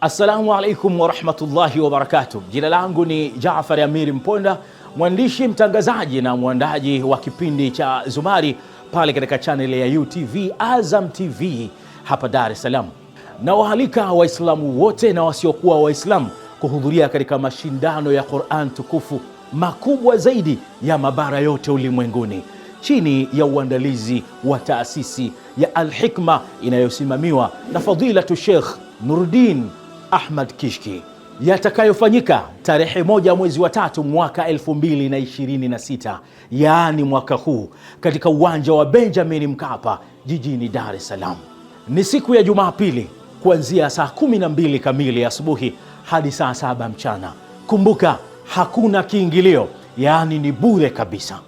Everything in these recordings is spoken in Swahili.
Assalamu alaikum warahmatullahi wabarakatuh. Jina langu ni Jaafar Amiri Mponda, mwandishi mtangazaji na mwandaji wa kipindi cha Zumari pale katika chaneli ya UTV Azam TV hapa Dar es Salaam, na wahalika Waislamu wote na wasiokuwa Waislamu kuhudhuria katika mashindano ya Quran tukufu makubwa zaidi ya mabara yote ulimwenguni chini ya uandalizi wa taasisi ya Al-Hikma inayosimamiwa na fadilatu Sheikh Nuruddin Ahmad Kishki yatakayofanyika tarehe moja mwezi wa tatu mwaka 2026 yaani mwaka huu katika uwanja wa Benjamin Mkapa jijini Dar es Salaam. Ni siku ya Jumapili kuanzia saa kumi na mbili kamili asubuhi hadi saa saba mchana. Kumbuka hakuna kiingilio, yaani ni bure kabisa.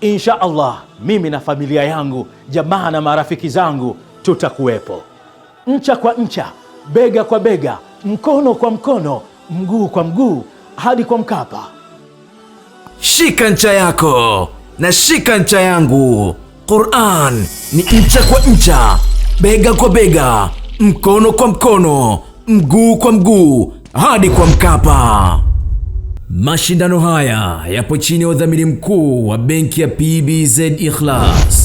Insha Allah, mimi na familia yangu, jamaa na marafiki zangu tutakuwepo ncha kwa ncha, bega kwa bega mkono kwa mkono, mguu kwa mguu, hadi kwa Mkapa. Shika ncha yako na shika ncha yangu. Qur'an ni ncha kwa ncha, bega kwa bega, mkono kwa mkono, mguu kwa mguu, hadi kwa Mkapa. Mashindano haya yapo chini ya udhamini mkuu wa benki ya PBZ Ikhlas.